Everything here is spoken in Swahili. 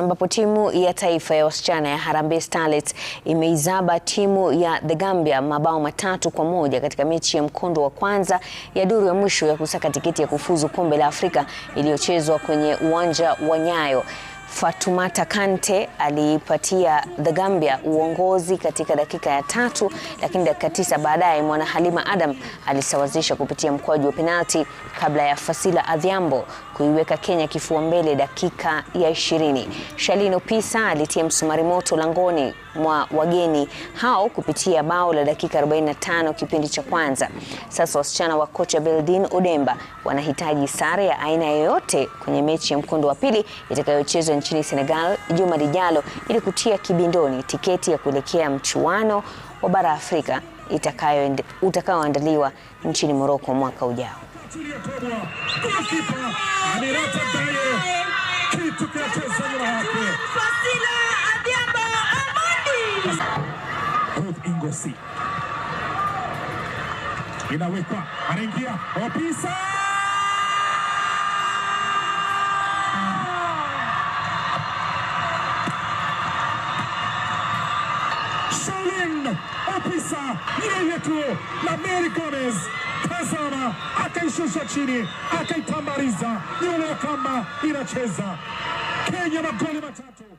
ambapo timu ya taifa ya wasichana ya Harambee Starlets imeizaba timu ya The Gambia mabao matatu kwa moja katika mechi ya mkondo wa kwanza ya duru ya mwisho ya kusaka tiketi ya kufuzu kombe la Afrika iliyochezwa kwenye uwanja wa Nyayo fatumata Kante aliipatia The Gambia uongozi katika dakika ya tatu, lakini dakika tisa baadaye mwana Halima Adam alisawazisha kupitia mkwaju wa penalti kabla ya Fasila Adhiambo kuiweka Kenya kifua mbele dakika ya ishirini. Shalino Pisa alitia msumari moto langoni mwa wageni hao kupitia bao la dakika 45 kipindi cha kwanza. Sasa wasichana wa kocha Beldin Odemba wanahitaji sare ya aina yoyote kwenye mechi ya mkondo wa pili itakayochezwa nchini Senegal juma lijalo ili kutia kibindoni tiketi ya kuelekea mchuano wa bara Afrika utakaoandaliwa nchini Morocco mwaka ujao. Inawekwa, anaingia, Opisa! lin opisa yule yetu na Mary Gomez, tazama, akaishusha chini akaitambariza, yule kama inacheza Kenya magoli matatu.